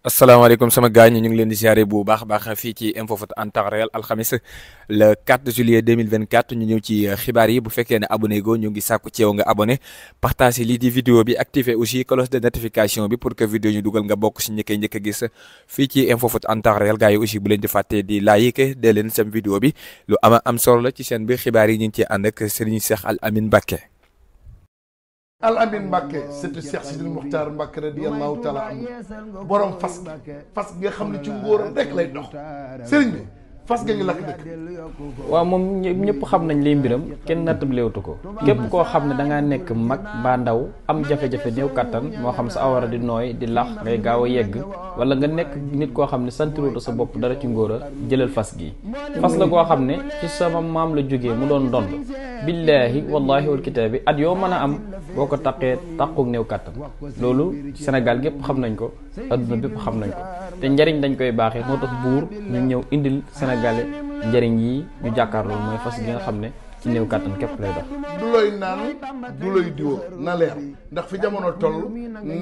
asalaamaaleykum sama gaañ ñu ngi leen di siyaare bu baax a baax fii ci info foot en temps réel alxamis le 4 juillet ñu ñëw ci xibaar yi bu fekkee ne abonné go ñu ngi sàkku ci yow nga abonné partage lii di vidéo bi activer aussi cloche de notification bi pour que vidéo ñu dugal nga bokk si ñëkkee njëkk a gis fii ci info foot en temps réel gars yi aussi bu leen di fàttee di like dee leen sem vidéo bi lu ama am solo la ci seen bi xibaar yi ñu ngi ciy ànd ak Serigne Cheikh Al Amin Mbacké al amin Mbacke surtout Cheikh Sidil Muxtaar Mbacke radiyallahu taala anhu borom fas fas gi nga xam ne ci ngóoram rek lay dox sëriñ bi. fas ga ngi lakk dëkk waaw moom ñëpp xam nañ liy mbiram kenn nattab léewtu ko képp koo xam ne dangaa nekk mag ba ndaw am jafe-jafe néew kattan moo xam sa awara di nooy di lax ngay gaaw a yegg wala nga nekk nit koo xam ne santiroota sa bopp dara ci ngóor a jëlal fas gi fas la koo xam ne ci sama maam la jógee mu doon dond billaahi wallaahi wal kitaabi at yoo mën a am boo ko taqee taquk néew kattan loolu senegal gépp xam nañ ko adduna bépp xam nañ ko te njariñ dañ koy baaxee sénégalais njëriñ yi gi nga xam ne ci néew kàttan képp lay dox. du looy naan du looy na leer ndax fi jamono toll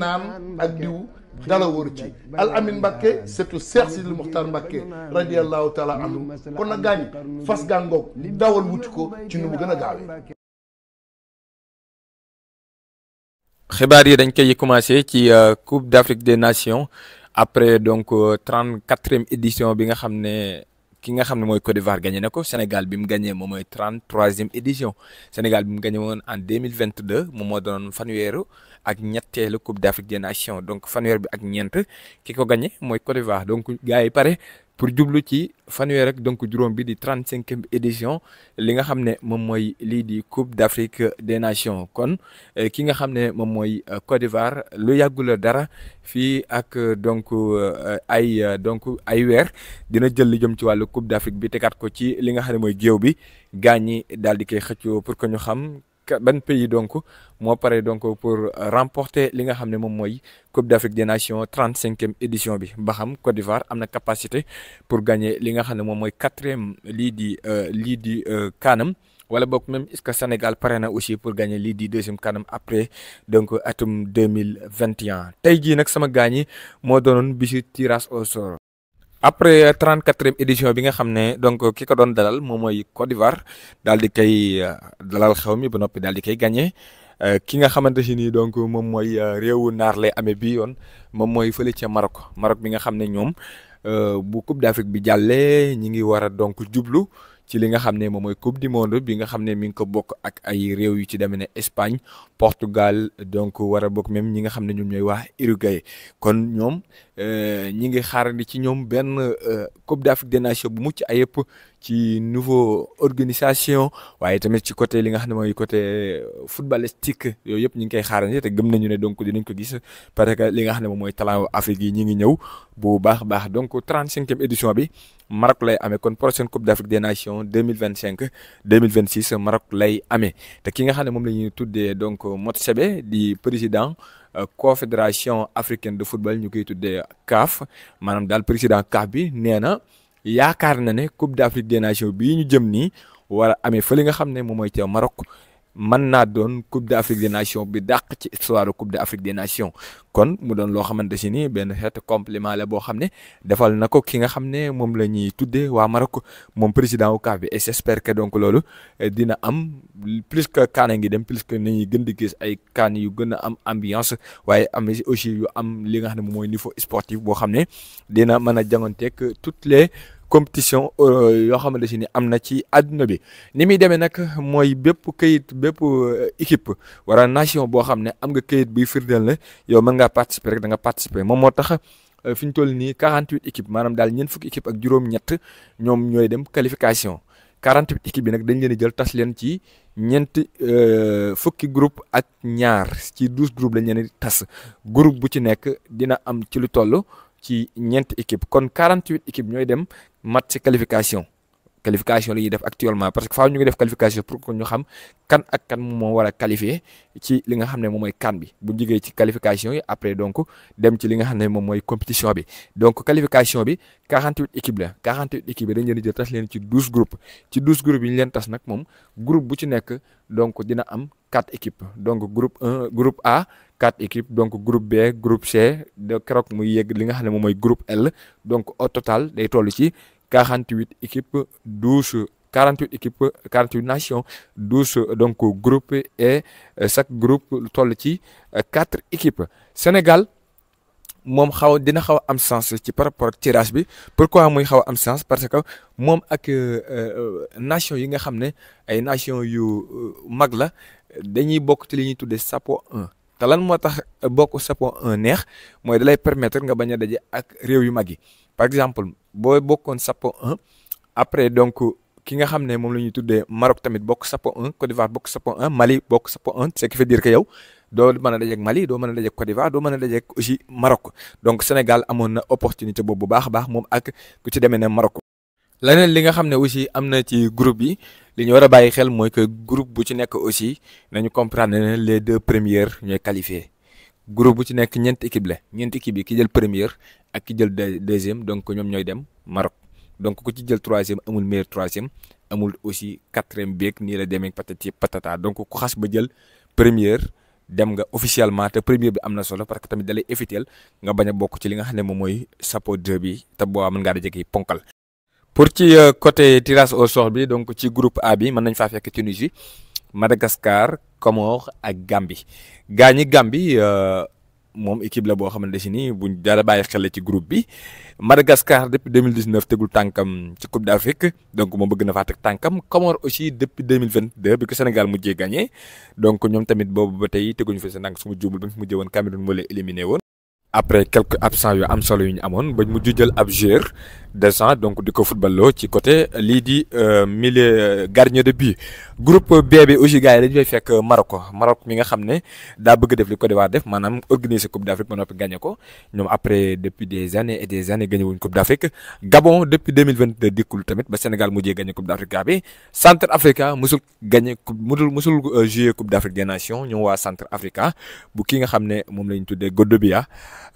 naan ak diw dala wër ci al amin Mbàkke surtout Seex Sidi Muxtaar Mbàkke radiyallahu taala anhu kon na gaañ fas gaa ngoog dawal wuti ko a gaawee. xibaar yi dañ koy commencé ci euh, Coupe d'Afrique des Nations après donc euh, trente quatrième édition bi nga xam ne. ki nga xam ne mooy Côte d'Ivoire gagné na ko Sénégal bi mu gagné moom mooy trente troisième édition Sénégal bi mu gagné woon en deux mille vingt deux moom moo doon fanweeru ak ñetteelu Coupe d'Afrique des nation donc fanweer bi ak ñeent ki ko gagné mooy Côte d'Ivoire donc gars yi pare. pour jublu ci fanweer rek donc juróom bi di trente cinq édition li nga xam ne moom mooy lii di coupe d'Afrique des nations kon eh, ki nga xam ne moom mooy eh, Côte d'Ivoire lu yàggula dara fii ak eh, donc ay donc ay weer dina jël li jëm ci wàllu coupe d'Afrique bi tegaat ko ci li nga xam ne mooy géew bi gaañ ñi daal di koy xëccoo pour que ñu xam. ban pays donc moo pare donc pour remporter li nga xam ne moom mooy Coupe d'Afrique des Nations trente cinquième édition bi ba xam Côte d'Ivoire am na capacité pour gagner li nga xam ne moom mooy quatrième lii di euh, lii di euh, kaanam wala boog même est-ce que Sénégal pare na aussi pour gagner lii di deuxième kanam après donc atum deux mille vingt et tey jii nag sama gaañi moo doonoon bisu tirage au sort. après 34e euh, édition bi nga xam ne donc ki ko doon dalal moom mooy Côte d'Ivoire daal di koy euh, dalal xew mi ba noppi daal di koy gagné euh, ki nga xamante si nii donc moom mooy réewu naar lay amee bii yoon moom mooy fële ca Maroc Maroc bi nga xam ne ñoom bu Coupe d'Afrique bi jàllee ñi ngi war a donc jublu ci li nga xam ne moom mooy coupe du monde bi nga xam ne mi ngi ko bokk ak ay réew yu ci demee ne Espagne Portugal donc war a bokk même ñi nga xam ne ñoom ñooy waa Uruguay kon ñoom euh, ñi ngi xaarandi ci ñoom benn euh, Coupe d'Afrique des Nations bu mucc ayëpp ci nouveau organisation waaye tamit ci côté li nga xam ne mooy côté euh, footballistique yooyu yëpp ñu ngi koy xaarandi te gëm nañu ne donc dinañ ko gis parce que li nga xam ne moom mooy talent Afrique yi ñi ngi ñëw bu baax a baax donc 35e édition bi. Maroc lay amee kon prochaine Coupe d'Afrique des Nations 2025 2026 Maroc lay amee te ki nga xam ne moom la ñuy tuddee donc Motsepe di président euh, confédération africaine de football ñu koy tuddee CAF maanaam daal président CAF bi nee na yaakaar na ne Coupe d'Afrique des Nations bii ñu jëm nii war a amee fa li nga xam ne moom mooy ca Maroc man naa doon coupe d'Afrique des nations bi dàq ci histoire coupe d'Afrique des nations kon mu doon loo xamante si ni benn xeet compliment la boo xam ne defal na ko ki nga xam ne moom la ñuy tuddee waa Maroc moom président wu CAF bi et j'espère que donc loolu eh, dina am plus que kaan ngi dem plus que nañuy gën di gis ay kaan yu gën a am ambiance waaye am aussi yu am li nga xam ne mooy niveau sportif boo xam ne dina mën a janganteeg tout les. compétition euh, yoo xamante si ni am na ci àdduna bi ni muy demee nag mooy bépp kayit bépp euh, équipe wala nation boo xam ne am nga kayit buy firndeel ne yow mën ngaa participer rek da nga participer moom moo tax euh, fi ñu toll nii 48 équipes maanaam daal ñeent fukki ak juróom ñoom ñooy dem qualification 48 équipes bi nag dañ leen di jël tas leen ci ñeenti fukki groupe ak ñaar ci 12 groupe lañ ne di tas groupe bu ci nekk dina am ci lu toll ci ñeenti équipe kon 48 équipes ñooy dem mat match qualification qualification li ñuy def actuellement parce que faaw ñu ngi def qualification pour que ñu xam kan ak kan moo war a qualifié ci li nga xam ne moom mooy kan bi bu jigee ci qualification yi après donc dem ci li nga xam ne moom mooy compétition bi donc qualification bi 48 équipes la 48 équipes yi dañ leen di jël tas leen ci 12 groupes ci 12 groupes yi ñu leen tas nag moom groupe bu ci nekk donc dina am 4 équipes donc groupe groupe A. quatre équipes donc groupe B groupe muy yegg li nga xam ne moom mooy groupe L donc au day toll ci 48 équipes 12 48 équipes 48 nations 12 donc groupe et chaque euh, groupe toll ci 4 euh, équipes Sénégal moom xaw dina xaw am sens ci par rapport ak tirage bi pourquoi muy xaw am sens parce que moom ak euh, nation yi nga xam ne ay nations yu mag la dañuy bokk ci li ñuy tuddee SAPO 1 te lan moo tax bokk SAPO 1 neex mooy dalay permettre nga bañ a daje ak réew yu mag yi. par exemple boo bokkoon SAPO 1 après donc ki nga xam ne moom la ñuy tuddee Maroc tamit bokk SAPO 1 Côte d'Ivoire bokk SAPO 1 Mali bokk SAPO 1 ce qui veut dire que yow doo mën a dajeeg Mali doo man a dajeeg Côte d'Ivoire doo mën a dajeeg aussi Maroc donc Sénégal amoon na opportunité boobu bu baax a baax moom ak ku ci demee ne Maroc. leneen li nga xam ne aussi am na ci groupe yi li ñu war a bàyyi xel mooy que groupe bu ci nekk aussi nañu comprendre ne les deux premières ñooy qualifié. groupe bu ci nekk ñeenti équipe la ñeenti équipe yi ki jël première ak ki jël deuxième donc ñoom ñooy dem Maroc donc ku ci jël troisième amul meilleur troisième amul aussi quatrième beeg nii la demee patati patata donc ku xas ba jël première dem nga officiellement te première bi am na solo parce que tamit dalay éviter nga bañ a bokk ci li nga xam ne moom mooy sapo 2 bi te boobaa mën ngaa da jege ponkal. pour ci euh, côté tirage au sort bi donc ci groupe A bi mën nañ faa fekk Tunisie Madagascar. Comores ak Gambie gaañi Gambie euh, moom équipe la boo xamante si ni buñ dara bàyyi xel ci groupe bi Madagascar depuis 2019 tegul tànkam ci Coupe d'Afrique donc moom bëgg na faa teg tànkam Comores aussi depuis 2022 bi ko Sénégal mujjee gagné donc ñoom tamit boobu ba tey teguñ fa seen tànk su ma juumul ba mu mujjee woon Cameroun moo lay éliminé woon. après quelques absents yu am solo yu amoon bañ mujj jël ab joueur Deschamps donc di ko footballoo ci côté euh, lii di euh, milieu euh, gardien de but groupe B bi aussi gars yi dañu fay fekk Maroc Maroc mi nga xam ne daa bëgg def li Côte d'Ivoire def maanaam organiser Coupe d'Afrique ba noppi gagné ko ñoom après depuis des années et des années gagné wuñ Coupe d'Afrique Gabon depuis 2022 dikkul tamit ba Sénégal mujjee gagné Coupe d'Afrique gaa bi Centrafrique musul gagné coupe musul musul jouer Coupe d'Afrique des Nations ñoom waa Centrafrique bu ki nga xam ne moom la ñu tuddee Godobia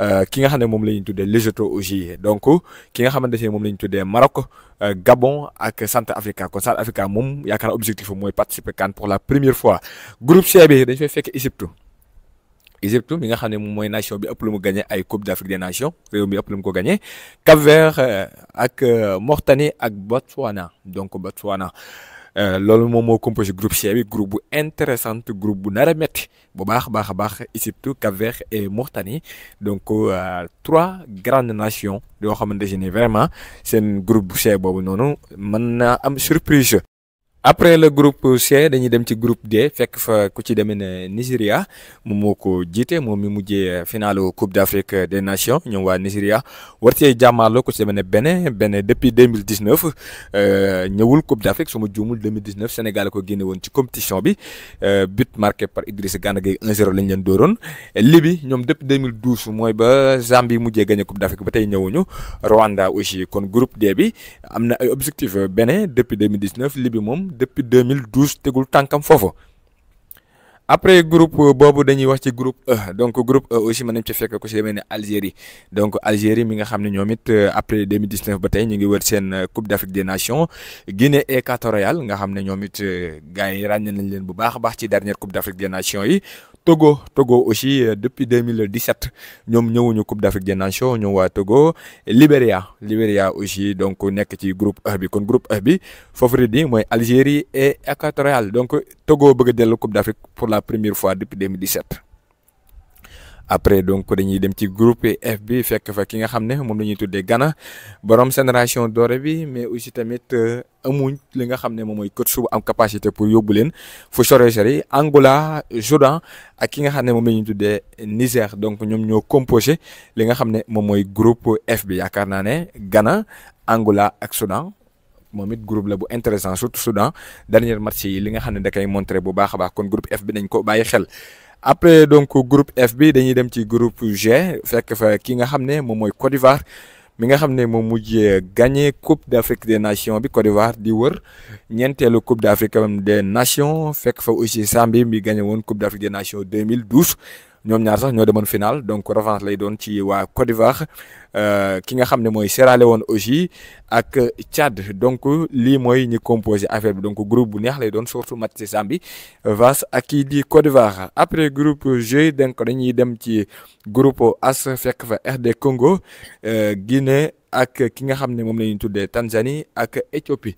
ki nga xam ne moom la ñu tuddee Lesotho aussi donc ki nga ne moom la ñu tuddee Maroc euh, Gabon ak Centre Africa kon Centre Africa moom yaakaar objectif mooy participer CAN pour la première fois groupe C bi dañu fay fekk Égypte Égypte mi nga xam ne moom mooy nation bi ëpp lu mu gagné ay Coupe d'Afrique des Nations réew mi ëpp mu ko gagné Cap-Vert euh, ak euh, Mauritanie ak Botswana donc Botswana. Euh, loolu moom moo composé groupe C bi groupe bu intéressante groupe bu nar a bu baax a baax a baax surtout Cap-Vert et Mauritanie donc euh, trois grandes nations yoo xamante ne vraiment seen groupe bu C boobu noonu mën naa am surprise. après le groupe C dañuy dem ci groupe D fekk fa ku ci demee ne Nigeria moom moo ko jiite moom mi mujjee finalu Coupe d'Afrique des nation ñoom waa Nigeria war cee jàmmaarloo ku ci demee ne Bénin Bénin depuis 2019 euh, ñëwul Coupe d'Afrique su ma juumul 2019 Sénégal ko génne woon ci compétition bi euh, but marqué par Idrissa Gana Gueye 1-0 lañ leen dooroon libi ñoom depuis 2012 mooy ba Zambie mujjee gagné Coupe d'Afrique ba tey ñëwuñu Rwanda aussi kon groupe D bi am na ay objectifs Bénin depuis 2019 Libye moom. depuis deux 2012 tegul tànkam foofu après groupe euh, boobu dañuy wax ci groupe E donc groupe E aussi mën nañ ci fekk ku si demee ne Algérie donc Algérie mi nga xam ne ñoom it euh, après 2019 ba tey ñu ngi wër seen euh, Coupe d'Afrique des Nations Guinée équatoriale nga xam ne ñoom it gars yi ràññe nañ leen bu baax a baax ci dernière Coupe d'Afrique des Nations yi Togo Togo aussi depuis 2017 ñoom ñëwuñu Coupe d'Afrique des Nations ñoom waa Togo Libéria Libéria aussi donc nekk ci groupe E bi kon groupe E bi favori bi mooy Algérie et équatoriale donc Togo bëgg dellu Coupe d'Afrique la première fois depuis 2017 après donc dañuy dem ci groupe F bi fekk fa ki nga xam ne moom la ñuy tuddee Ghana borom génération doré bi mais aussi tamit euh, amuñ li nga xam ne moom mooy coach bu am capacité pour yóbbu leen fu sore sori Angola Jordan ak ki nga xam ne moom la ñuy tuddee Niger donc ñoom ñoo composé li nga xam ne moom mooy groupe F bi yaakaar naa ne gana Angola ak Soudan. moom it groupe la bu intéressant surtout Soudan dernier match li nga xam ne da koy montré bu baax a baax kon groupe F bi ko bàyyi xel. après donc groupe F dañuy dem ci groupe G fekk fa ki nga xam ne moom mooy Côte d'Ivoire mi nga xam ne moom mujjee gagné coupe d'Afrique des nations bi Côte d'Ivoire di wër ñeenteelu coupe d'Afrique de nation fekk fa aussi Zambie mi gagné woon coupe d'Afrique des nations 2012. ñoom ñaar sax ñoo demoon final donc revanche lay doon ci waa Côte d'Ivoire euh, ki nga xam ne mooy Sierra Leone aussi ak Tchad donc lii mooy ñi composé affaire bi donc groupe bu neex lay doon surtout match ci Zambie vaas ak kii di Côte d'Ivoire après groupe G donc dañuy dem ci groupe As fekk fa RD Congo euh, Guinée ak ki nga xam ne moom la ñuy tuddee Tanzanie ak Éthiopie.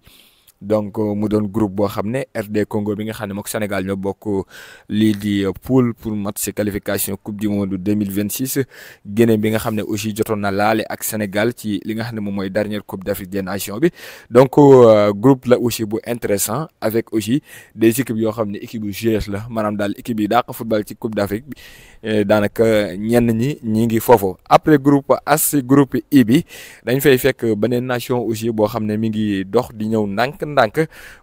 donc euh, mu doon groupe boo xam ne RD Congo bi nga xam ne mook Sénégal ñoo bokk lii di euh, poule pour match si qualification coupe du monde 2026 Guinée bi nga xam ne aussi jotoon na laale ak Sénégal ci li nga xam ne mooy dernière coupe d'Afrique des nations bi donc euh, groupe la aussi bu intéressant avec aussi des équipes yoo xam ne équipe bu la maanaam daal équipe yi dàq football ci coupe d'Afrique Eh, daanaka ñenn ñi ñi ngi foofu après groupe as groupe I bi dañ fay fekk beneen nation aussi boo xam ne mi ngi dox di ñëw ndànk-ndànk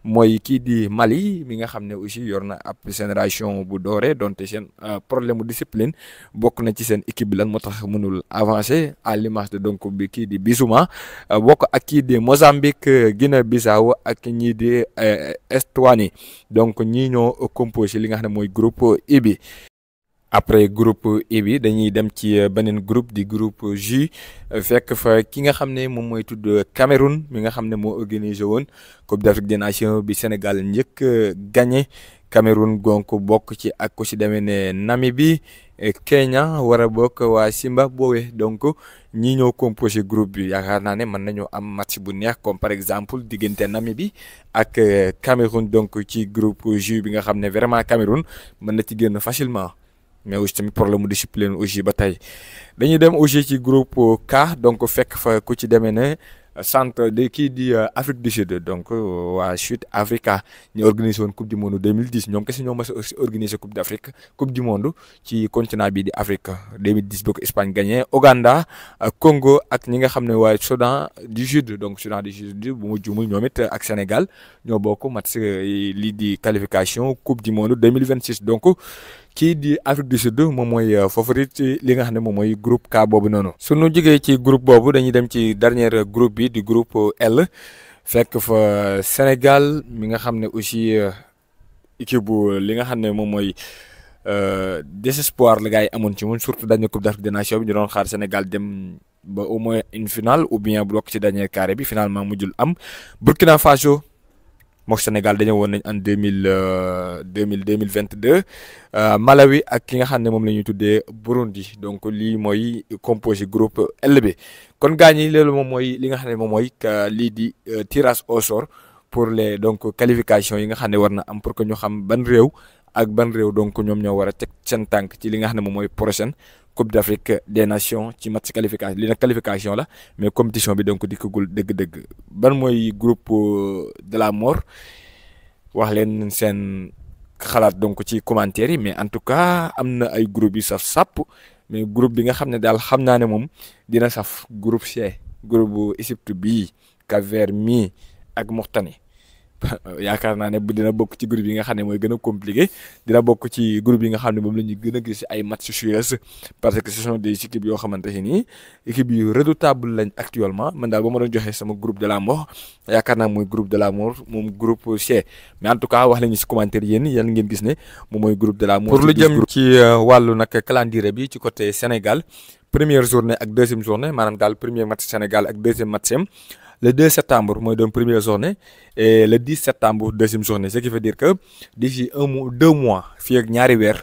mooy kii di Mali mi nga xam ne aussi yor na ab génération bu doore donte seen euh, problème mu discipline bokk na ci seen équipe bi lan moo tax mënul avancé à l'image donc bi kii di Bissouma euh, bokk ak kii di Mozambique Guinée-Bissau ak ñii di euh, Estonie donc ñii ñoo composé li nga xam ne mooy groupe I bi après groupe E bi dañuy dem ci euh, beneen groupe di groupe J fekk fa ki nga xam ne moom mooy tudd euh, Cameroun mi nga xam ne moo organisé woon Coupe d'Afrique des Nations bi Sénégal njëkk euh, gagné Cameroun gonk bokk ci ak ku si demee ne Namibie Kenya war a bokk waa Zimbabwe donc ñi ñoo composé groupe bi yaakaar naa ne mën nañoo am match bu neex comme par exemple diggante Namibie ak Cameroun donc ci groupe J bi nga xam ne vraiment Cameroun mën na ci génn facilement. mais aussi tamit problème mu discipline aussi ba tey dañuy dem aussi ci groupe K donc fekk fa ku ci demee ne centre de kii di euh, Afrique du Sud donc euh, waa Sud Africa ñu organisé woon coupe du monde 2010 ñoom kese ñoo mës a organisé coupe d' Afrique coupe du monde ci continent bii di Afrique 2010 boo ko Espagne gagné Ouganda euh, Congo ak ñi nga xam ne waa Soudan du Sud donc Soudan du Sud bu ma juumul ñoom ak Sénégal ñoo bokk si lii di qualification coupe du monde 2026 donc. kii di Afrique du Sud moom mooy euh, favorite ci li nga xam ne moom mooy groupe K boobu noonu. suñu jógee ci groupe boobu dañuy dem ci dernier groupe bi di groupe euh, L fekk fa Sénégal mi nga xam ne aussi euh, équipe bu li nga xam ne moom mooy. désespoir la gars yi amoon ci surtout dernier coupe d'Afrique des nations bi ñu doon xaar Sénégal dem ba au moins une finale ou bien bloc ci dernier carré bi finalement jul am Burkina Faso mook Sénégal dañoo woon nañ en euh, deux mille deux mille deux mille vingt deux Malawi ak ki nga xam ne moom la ñuy tuddee Burundi donc lii mooy composé groupe L bi kon gaa ñi loolu moom mooy li nga xam ne moom mooy lii di euh, tirage au sort pour les donc qualification yi nga xam ne war na am pour que ñu xam ban réew ak ban réew donc ñoom ñoo war a teg seen tànk ci li nga xam ne moom mooy prochaine coupe d' afrique des nations ci match qualification li nag qualification la mais compétition bi donc dikkagul dëgg-dëgg ban mooy groupe euh, de la mort wax leen seen xalaat donc ci commentaire yi mais en tout cas am na ay groupe yu saf sàpp mais groupe bi nga xam ne daal xam naa ne moom dina saf groupe C groupe bu Égypte bii Cap-Vert mii ak Mauritanie yaakaar naa ne dina bokk ci groupe yi nga xam ne mooy gën a compliqué dina bokk ci groupe yi xam ne moom la ñuy gën gis ay match suisse parce que ce sont des équipes yoo xamante ne nii équipe yu lañ actuellement man daal ba ma doon joxe sama groupe de la mort yaakaar naa mooy groupe de la moom groupe C mais en tout cas wax lañu si commentaire yéen yan ngeen gis ne moom mooy groupe de la mort. pour lu jëm ci euh, wàllu nag calendrier bi ci côté Sénégal première journée ak deuxième journée maanaam daal premier match Sénégal ak deuxième match le deux septembre mooy doon première journée et le 10 septembre deuxième journée ce qui veut dire que d'ici un mois deux mois ñaari weer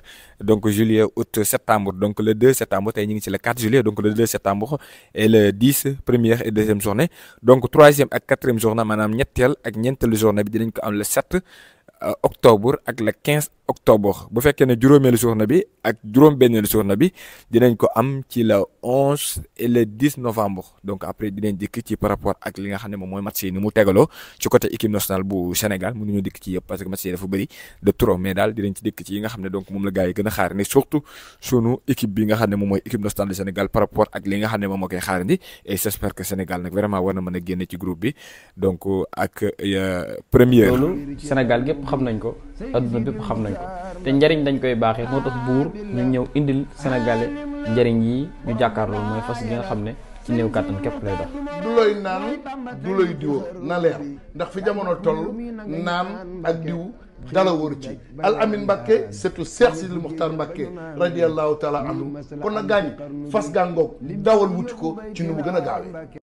donc juillet août septembre donc le deux septembre te ñu ngi ci le 4 juillet donc le 2 septembre et le 10 première et deuxième journée donc troisième ak quatrième journée maanaam ñetteel ak ñeenteelu journée bi dinañ ko am le 7 euh, octobre ak le 15 octobre bu fekkee ne juróomeelu journée bi ak juróom-benneelu journée bi dinañ ko am ci le onze et le dix novembre donc après dinañ dikk ci par rapport ak li nga xam ne moom mooy match yi ni mu tegaloo ci côté équipe nationale bu Sénégal mënuñu dikk dikk ci yi nga xam ne donc moom la gars yi gën a xaarandi surtout sunu équipe bi nga xam ne moom mooy équipe nationale du Sénégal par rapport ak li nga xam ne moom moo koy xaarandi et j'espère que Sénégal na a bi donc euh, xam ko te njariñ dañ koy baaxee moo tax buur ñu ñëw indil sénégalais njariñ yi ñu jàkkaarloo mooy fas gi nga xam ne ci néew kàttan képp lay dox du looy naan du looy diwoo na leer ndax fi jamono toll naan ak diw dala wóor ci al amin Mbàkke surtout Seex Sidi Muxtaar Mbàkke radiallahu taala anhu kon na gaañ fas gaa ngoog dawal wuti ko ci nu mu gën a gaawee